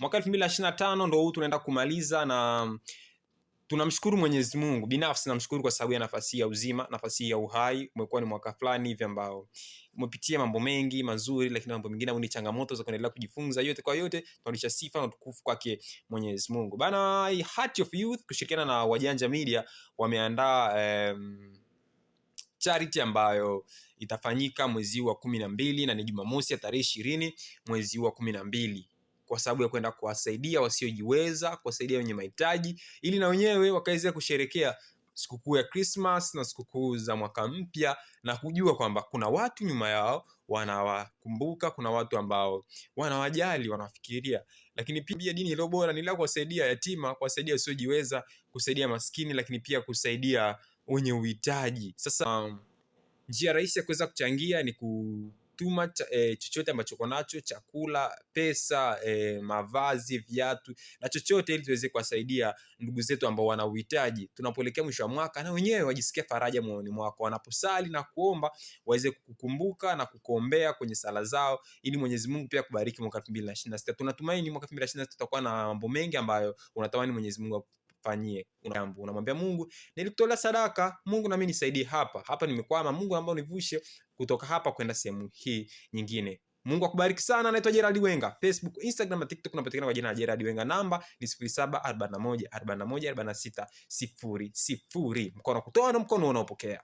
mwaka elfu mbili na ishirini na tano ndo huu tunaenda kumaliza na tunamshukuru Mwenyezi Mungu. Binafsi namshukuru kwa sababu ya nafasi ya uzima, nafasi ya uhai. Umekuwa ni mwaka fulani hivi ambao umepitia mambo mengi mazuri, lakini mambo mengine ni changamoto za kuendelea kujifunza. Yote kwa yote, tunarudisha sifa na utukufu kwake Mwenyezi Mungu. Bana, Heart of Youth kushirikiana na Wajanja Media wameandaa um, charity ambayo itafanyika mwezi wa kumi na mbili na ni Jumamosi ya tarehe ishirini mwezi wa kumi na mbili kwa sababu ya kwenda kuwasaidia wasiojiweza, kuwasaidia wenye mahitaji, ili na wenyewe wakaweza kusherekea sikukuu ya Christmas na sikukuu za mwaka mpya na kujua kwamba kuna watu nyuma yao wanawakumbuka, kuna watu ambao wanawajali, wanawafikiria. Lakini pia dini iliyo bora ni la kuwasaidia yatima, kuwasaidia wasiojiweza, kusaidia maskini, lakini pia kusaidia wenye uhitaji. Sasa um, njia rahisi ya kuweza kuchangia ni ku unatuma eh, chochote ambacho uko nacho, chakula, pesa, eh, mavazi, viatu na chochote, ili tuweze kuwasaidia ndugu zetu ambao wana uhitaji tunapoelekea mwisho wa mwaka, na wenyewe wajisikia faraja moyoni mwako wanaposali na kuomba, waweze kukumbuka na kukuombea kwenye sala zao, ili Mwenyezi Mungu pia kubariki mwaka 2026. Tunatumaini mwaka 2026 tutakuwa na mambo mengi ambayo unatamani Mwenyezi Mungu nifanyie jambo, unamwambia Mungu, nilikutolea sadaka, Mungu nami nisaidie hapa hapa, nimekwama Mungu, ambao nivushe kutoka hapa kwenda sehemu hii nyingine. Mungu akubariki sana. Anaitwa Gerald Wenga. Facebook, Instagram na TikTok unapatikana kwa jina la Gerald Wenga. Namba ni 0741 Mkono kutoa na mkono unaopokea.